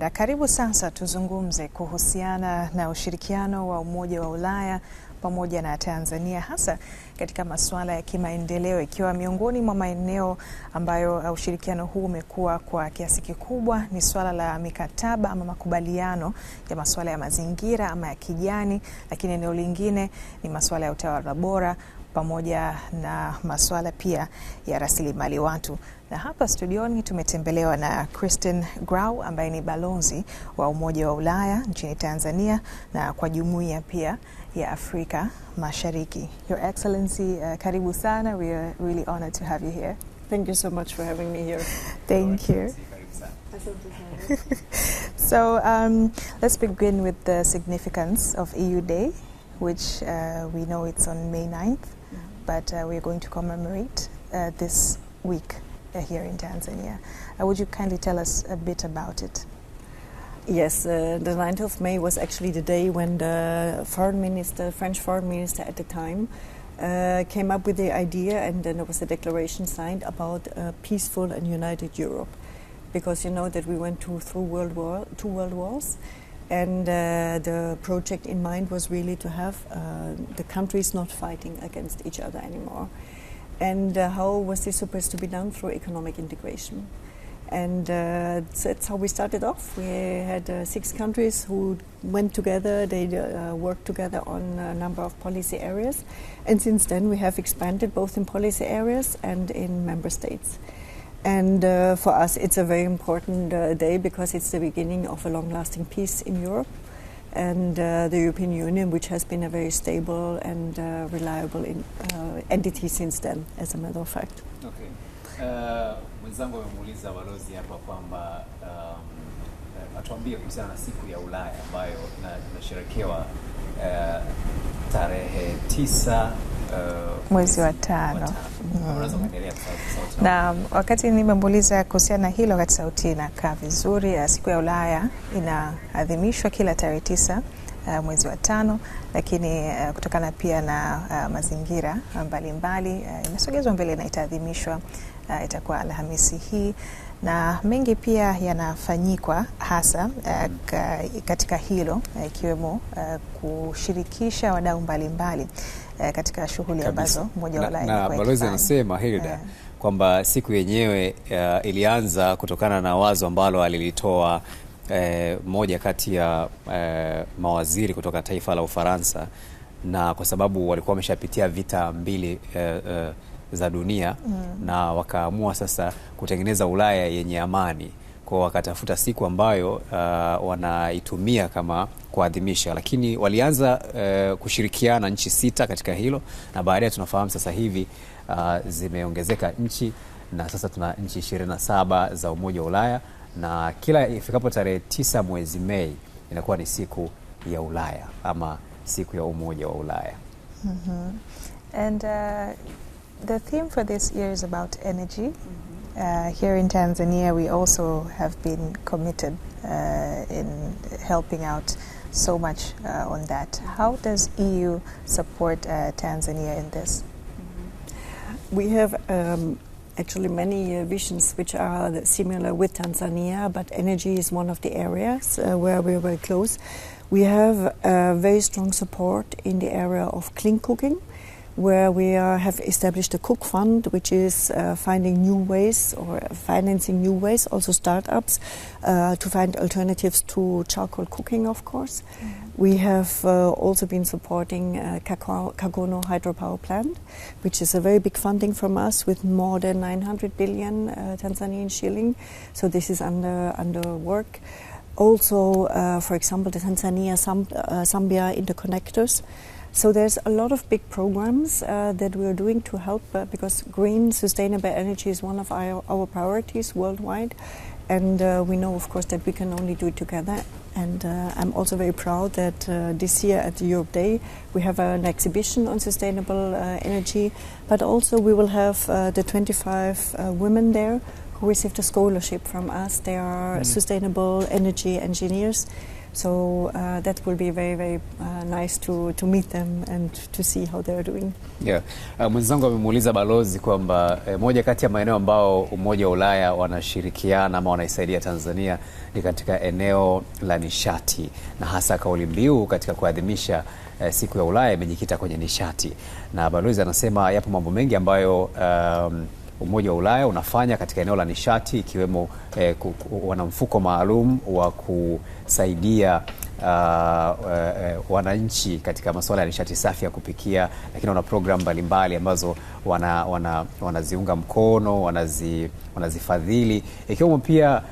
Na karibu sasa tuzungumze kuhusiana na ushirikiano wa Umoja wa Ulaya pamoja na Tanzania hasa katika masuala ya kimaendeleo, ikiwa miongoni mwa maeneo ambayo uh, ushirikiano huu umekuwa kwa kiasi kikubwa ni swala la mikataba ama makubaliano ya masuala ya mazingira ama ya kijani, lakini eneo lingine ni masuala ya utawala bora pamoja na masuala pia ya rasilimali watu. Na hapa studioni tumetembelewa na Christine Grau ambaye ni balozi wa Umoja wa Ulaya nchini Tanzania na kwa jumuiya pia ya Afrika Mashariki. Your Excellency, uh, karibu sana. We are really honored to have you here. Thank you so much for having me here. Thank you. so um, let's begin with the significance of EU Day, which uh, we know it's on May 9th. but uh, we are going to commemorate uh, this week uh, here in Tanzania. would you kindly tell us a bit about it? Yes, uh, the 9th of May was actually the day when the foreign minister, French foreign minister at the time, uh, came up with the idea, and then there was a declaration signed about a peaceful and united Europe, because you know that we went to, through World War, two world wars, and uh, the project in mind was really to have uh, the countries not fighting against each other anymore. And uh, how was this supposed to be done? Through economic integration. And uh, that's how we started off. We had uh, six countries who went together, they uh, worked together on a number of policy areas. And since then, we have expanded both in policy areas and in member states. And uh, for us, it's a very important uh, day because it's the beginning of a long lasting peace in Europe and uh, the European Union, which has been a very stable and uh, reliable in, uh, entity since then, as a matter of fact. Okay. Uh, mwenzangu amemuuliza balozi hapa kwamba um, atuambie kuhusiana na siku ya Ulaya ambayo inasherekewa tarehe tisa uh, mwezi wa tano mm. na mm, wakati nimemuuliza kuhusiana na hilo, wakati sauti inakaa vizuri. Siku ya Ulaya inaadhimishwa kila tarehe tisa uh, mwezi wa tano, lakini uh, kutokana pia na uh, mazingira mbalimbali uh, imesogezwa mbele na itaadhimishwa uh, itakuwa Alhamisi hii na mengi pia yanafanyikwa hasa uh, katika hilo ikiwemo uh, kushirikisha wadau mbalimbali uh, katika shughuli ambazo mmoja wa Ulaya na balozi anasema Hilda uh, kwamba siku yenyewe uh, ilianza kutokana na wazo ambalo alilitoa eh, moja kati ya eh, mawaziri kutoka taifa la Ufaransa, na kwa sababu walikuwa wameshapitia vita mbili eh, eh, za dunia mm. na wakaamua sasa kutengeneza Ulaya yenye amani kwa wakatafuta siku ambayo uh, wanaitumia kama kuadhimisha, lakini walianza eh, kushirikiana nchi sita katika hilo, na baadaye tunafahamu sasa hivi uh, zimeongezeka nchi na sasa tuna nchi 27 za Umoja wa Ulaya na kila ifikapo tarehe tisa mwezi Mei inakuwa ni siku ya Ulaya ama siku ya umoja wa Ulaya. mm -hmm. And uh, the theme for this year is about energy. Mm-hmm. Uh, here in Tanzania we also have been committed uh, in helping out so much uh, on that. How does EU support uh, Tanzania in this? Mm-hmm. We have um, actually many uh, visions which are similar with Tanzania, but energy is one of the areas uh, where we are very close. We have uh, very strong support in the area of clean cooking where we are, have established a Cook Fund, which is uh, finding new ways or financing new ways, also startups, uh, to find alternatives to charcoal cooking, of course. Mm -hmm. We have uh, also been supporting Kagono uh, hydropower plant, which is a very big funding from us with more than 900 billion uh, Tanzanian shilling. So this is under under work. Also, uh, for example, the Tanzania Zambia interconnectors so there's a lot of big programs uh, that we're doing to help uh, because green sustainable energy is one of our, our priorities worldwide. And uh, we know, of course, that we can only do it together. And uh, I'm also very proud that uh, this year at the Europe Day we have an exhibition on sustainable uh, energy, but also we will have the 25 women there who received a scholarship from us. They are mm. sustainable energy engineers So uh, that will be very very uh, nice to, to meet them and to see how they are doing. Yeah. Uh, mwenzangu amemuuliza balozi kwamba eh, moja kati ya maeneo ambao Umoja wa Ulaya wanashirikiana ama wanaisaidia Tanzania ni katika eneo la nishati na hasa kauli mbiu katika kuadhimisha eh, siku ya Ulaya imejikita kwenye nishati, na balozi anasema yapo mambo mengi ambayo um, Umoja wa Ulaya unafanya katika eneo la nishati ikiwemo eh, wana mfuko maalum wa kusaidia uh, uh, wananchi katika masuala ya nishati safi ya kupikia, lakini wana programu mbalimbali ambazo wanaziunga wana, wana mkono wanazifadhili wana ikiwemo pia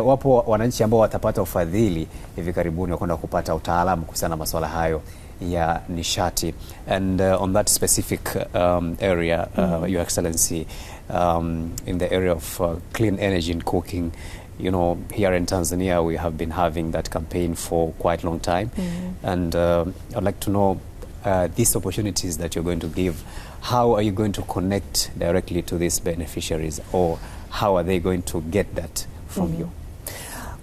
uh, wapo wananchi ambao watapata ufadhili hivi karibuni wakwenda kupata utaalamu kuhusiana na masuala hayo ya nishati and uh, on that specific um, area uh, mm -hmm. Your Excellency um, in the area of uh, clean energy and cooking you know, here in Tanzania, we have been having that campaign for quite a long time. Mm. And uh, I'd like to know uh, these opportunities that you're going to give, how are you going to connect directly to these beneficiaries or how are they going to get that from mm. you?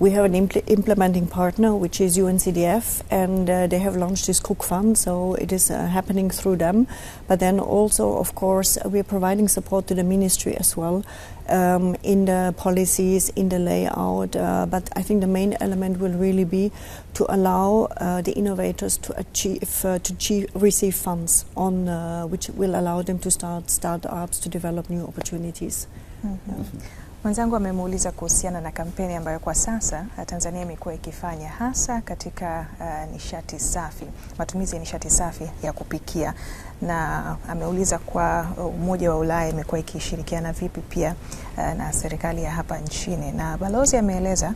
We have an impl implementing partner, which is UNCDF, and uh, they have launched this Cook Fund, so it is uh, happening through them. But then also, of course, we are providing support to the ministry as well um, in the policies, in the layout. Uh, but I think the main element will really be to allow uh, the innovators to achieve uh, to achieve, receive funds on uh, which will allow them to start startups to develop new opportunities. Mm -hmm. Mm -hmm. Mwenzangu amemuuliza kuhusiana na kampeni ambayo kwa sasa eh, Tanzania imekuwa ikifanya hasa katika uh, nishati safi, matumizi ya nishati safi ya kupikia, na ameuliza kwa Umoja wa Ulaya imekuwa ikishirikiana vipi pia uh, na serikali ya hapa nchini, na balozi ameeleza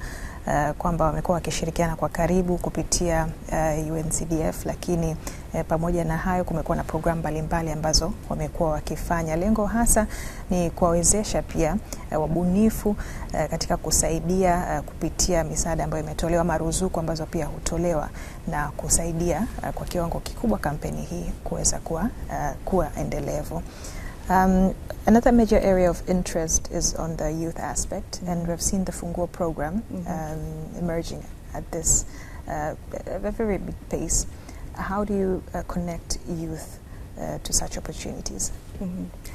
uh, kwamba wamekuwa wakishirikiana kwa karibu kupitia uh, eh, UNCDF, lakini uh, pamoja na hayo kumekuwa na programu mbalimbali ambazo wamekuwa wakifanya. Lengo hasa ni kuwawezesha pia uh, wabunifu uh, katika kusaidia uh, kupitia misaada ambayo imetolewa, maruzuku ambazo pia hutolewa na kusaidia uh, kwa kiwango kikubwa kampeni hii kuweza kuwa, uh, kuwa endelevu. Um, another major area of interest is on the youth aspect, mm-hmm. and we've seen the Funguo program mm-hmm. um, emerging at this uh, a very big pace. How do you uh, connect youth uh, to such opportunities? Mm -hmm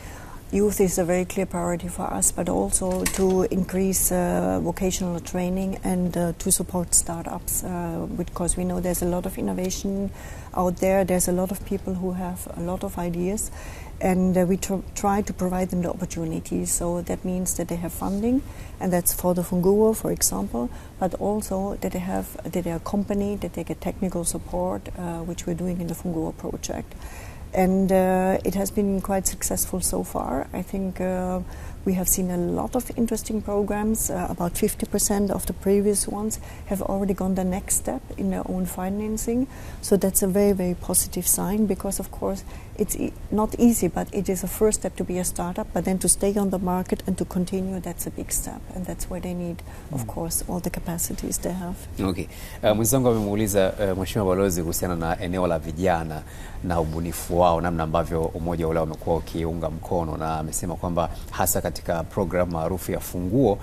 youth is a very clear priority for us, but also to increase uh, vocational training and uh, to support startups uh, because we know there's a lot of innovation out there. There's a lot of people who have a lot of ideas, and uh, we tr try to provide them the opportunities. So that means that they have funding, and that's for the Funguo, for example, but also that they have that they are accompanied, that they get technical support, uh, which we're doing in the Funguo project and uh, it has been quite successful so far. I think uh, we have seen a lot of interesting programs. Uh, about 50% of the previous ones have already gone the next step in their own financing. So that's a very, very positive sign because, of course, it's e not easy, but it is a first step to be a startup. But then to stay on the market and to continue, that's a big step, and that's where they need, mm. of course, all the capacities they have. Okay. Uh, mwenzangu amemuuliza uh, Mheshimiwa Balozi kuhusiana na eneo la vijana na ubunifu wao, namna ambavyo umoja ule umekuwa ukiunga mkono, na amesema kwamba hasa katika programu maarufu ya Funguo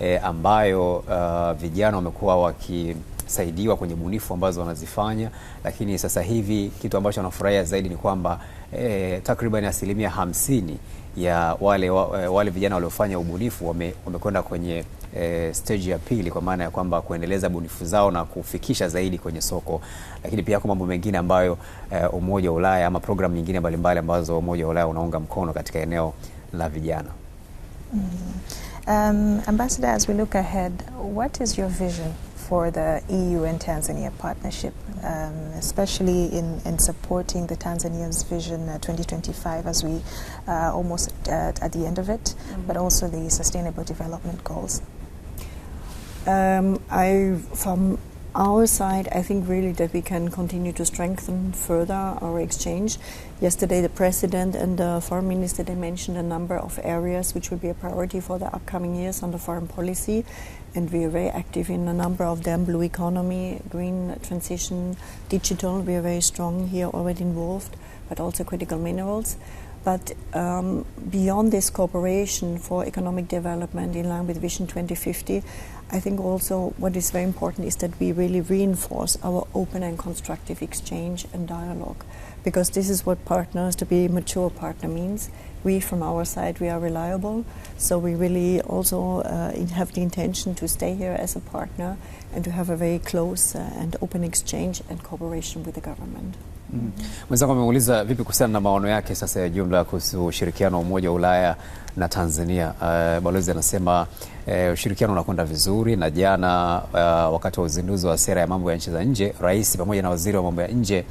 eh, ambayo uh, vijana wamekuwa waki wanasaidiwa kwenye bunifu ambazo wanazifanya, lakini sasa hivi kitu ambacho wanafurahia zaidi ni kwamba eh, takriban asilimia hamsini ya wale, wa, eh, wale vijana waliofanya ubunifu wamekwenda kwenye eh, stage ya pili kwa maana ya kwamba kuendeleza bunifu zao na kufikisha zaidi kwenye soko, lakini pia yako mambo mengine ambayo eh, Umoja wa Ulaya ama programu nyingine mbalimbali ambazo Umoja wa Ulaya unaunga mkono katika eneo la vijana. Mm. Um, Ambassador, as we look ahead, what is your vision for the EU and Tanzania partnership, um, especially in, in supporting the Tanzanians' vision uh, 2025 as we uh, almost at, uh, at, the end of it, mm -hmm. but also the Sustainable Development Goals. Um, I, from our side, I think really that we can continue to strengthen further our exchange. Yesterday, the president and the foreign minister they mentioned a number of areas which will be a priority for the upcoming years on the foreign policy, and we are very active in a number of them: blue economy, green transition, digital. We are very strong here already involved, but also critical minerals. But um, beyond this cooperation for economic development in line with Vision 2050, I think also what is very important is that we really reinforce our open and constructive exchange and dialogue because this is what partners to be mature partner means. We, from our side, we are reliable, so we really also uh, have the intention to stay here as a partner and to have a very close uh, and open exchange and cooperation with the government. Mwenzangu ameuliza vipi kuhusiana na maono yake sasa ya jumla kuhusu ushirikiano wa Umoja wa Ulaya na Tanzania. Uh, balozi anasema uh, ushirikiano unakwenda vizuri, na jana uh, wakati wa uzinduzi wa sera ya mambo ya nchi za nje, rais pamoja na waziri wa mambo ya nje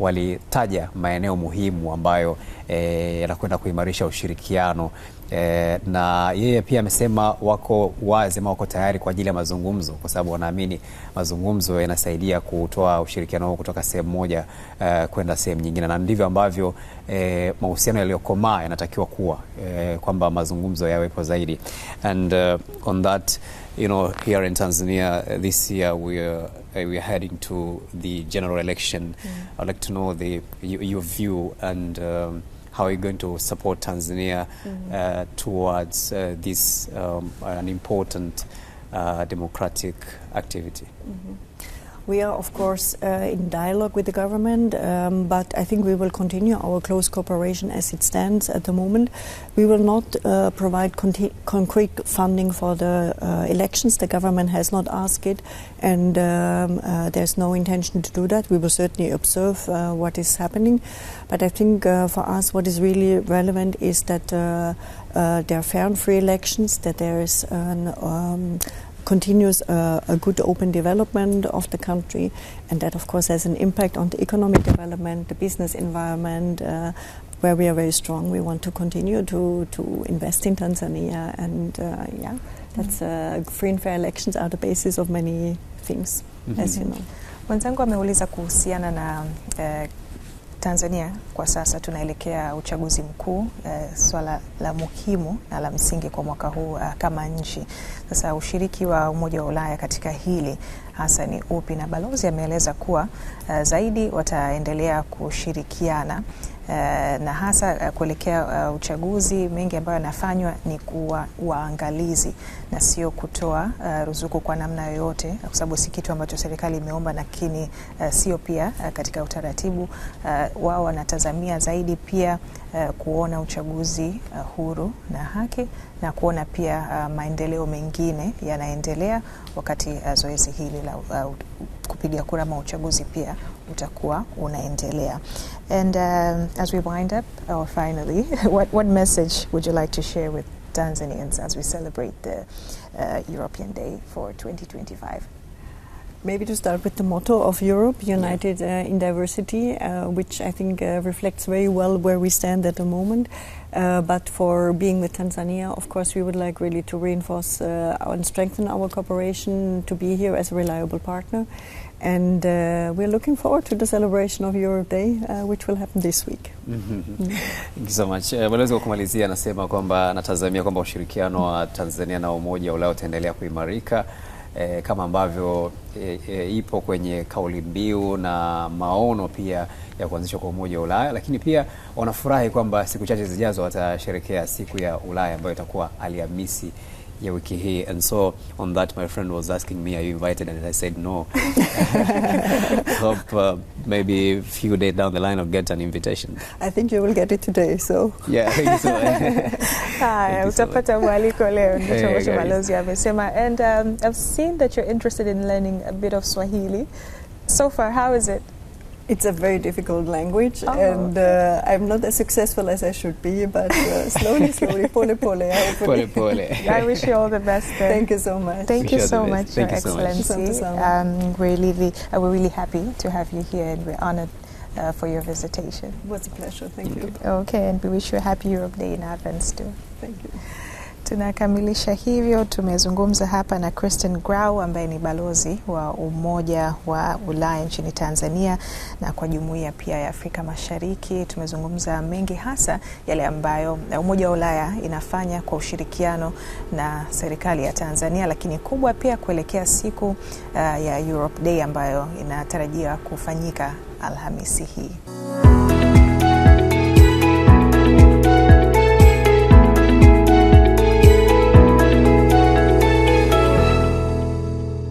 walitaja maeneo muhimu ambayo yanakwenda eh, kuimarisha ushirikiano e, na yeye pia amesema wako wazi ama wako tayari kwa ajili ya mazungumzo, kwa sababu wanaamini mazungumzo yanasaidia kutoa ushirikiano huo kutoka sehemu moja e, kwenda sehemu nyingine, na ndivyo ambavyo e, mahusiano yaliyokomaa yanatakiwa kuwa e, kwamba mazungumzo yawepo zaidi and uh, on that you know here in Tanzania uh, this year we are, uh, we are heading to the general election mm. I'd like to know the, your view and um, how are you going to support Tanzania mm-hmm. uh, towards uh, this um, an important uh, democratic activity? Mm-hmm. We are, of course, uh, in dialogue with the government, um, but I think we will continue our close cooperation as it stands at the moment. We will not uh, provide concrete funding for the uh, elections. The government has not asked it, and um, uh, there's no intention to do that. We will certainly observe uh, what is happening, but I think uh, for us, what is really relevant is that there are fair and free elections, that there is an um, continues a good open development of the country, and that, of course, has an impact on the economic development, the business environment. Uh, where we are very strong, we want to continue to, to invest in Tanzania, and uh, yeah, that's uh, free and fair elections are the basis of many things, mm -hmm. as mm-hmm. you know. Mwenzangu ameuliza kuhusiana na uh, Tanzania kwa sasa tunaelekea uchaguzi mkuu e, swala la muhimu na la msingi kwa mwaka huu a, ah, kama nchi. Sasa ushiriki wa Umoja wa Ulaya katika hili hasa ni upi? Na balozi ameeleza kuwa a, eh, zaidi wataendelea kushirikiana Eh, na hasa eh, kuelekea eh, uchaguzi, mengi ambayo yanafanywa ni kuwa waangalizi na sio kutoa ruzuku kwa namna yoyote, kwa sababu si kitu ambacho serikali imeomba, lakini sio pia katika utaratibu wao. Wanatazamia zaidi pia kuona uchaguzi huru na haki na kuona pia maendeleo mengine yanaendelea wakati zoezi hili la kupiga kura ama uchaguzi pia utakuwa unaendelea. And um, as we wind up, or finally, what, what message would you like to share with Tanzanians as we celebrate the uh, European Day for 2025? Maybe to start with the motto of Europe, United uh, in Diversity, uh, which I think uh, reflects very well where we stand at the moment. Uh, but for being with Tanzania, of course, we would like really to reinforce uh, and strengthen our cooperation to be here as a reliable partner. And uh, we're looking forward to the celebration of Europe Day uh, which will happen this week. Mm-hmm. Thank you so much. Mwelezi uh, wa kumalizia anasema kwamba anatazamia kwamba ushirikiano wa Tanzania na Umoja wa Ulaya utaendelea kuimarika e, kama ambavyo e, e, ipo kwenye kauli mbiu na maono pia ya kuanzishwa kwa Umoja wa Ulaya, lakini pia wanafurahi kwamba siku chache zijazo watasherekea siku ya Ulaya ambayo itakuwa Alhamisi ya wiki hii and so on that my friend was asking me are you invited and I said no hope uh, maybe a few days down the line I'll get an invitation I think you will get it today so yeah so hi utapata mwaliko leo ndicho ambacho balozi amesema and um, I've seen that you're interested in learning a bit of Swahili so far how is it It's a very difficult language, oh, and okay. uh, I'm not as successful as I should be, but uh, slowly, slowly, pole pole. pole pole. I wish you all the best. Then. Thank you so much. Thank wish you so much, Thank Your you Excellency. So much. Um, we're, really, uh, we're really happy to have you here, and we're honored uh, for your visitation. It was a pleasure. Thank, you. you. Okay, and we wish you a happy Europe Day in advance, too. Thank you. Tunakamilisha hivyo. Tumezungumza hapa na Christine Grau ambaye ni balozi wa Umoja wa Ulaya nchini Tanzania na kwa jumuiya pia ya Afrika Mashariki. Tumezungumza mengi, hasa yale ambayo Umoja wa Ulaya inafanya kwa ushirikiano na serikali ya Tanzania, lakini kubwa pia kuelekea siku uh, ya Europe Day ambayo inatarajiwa kufanyika Alhamisi hii.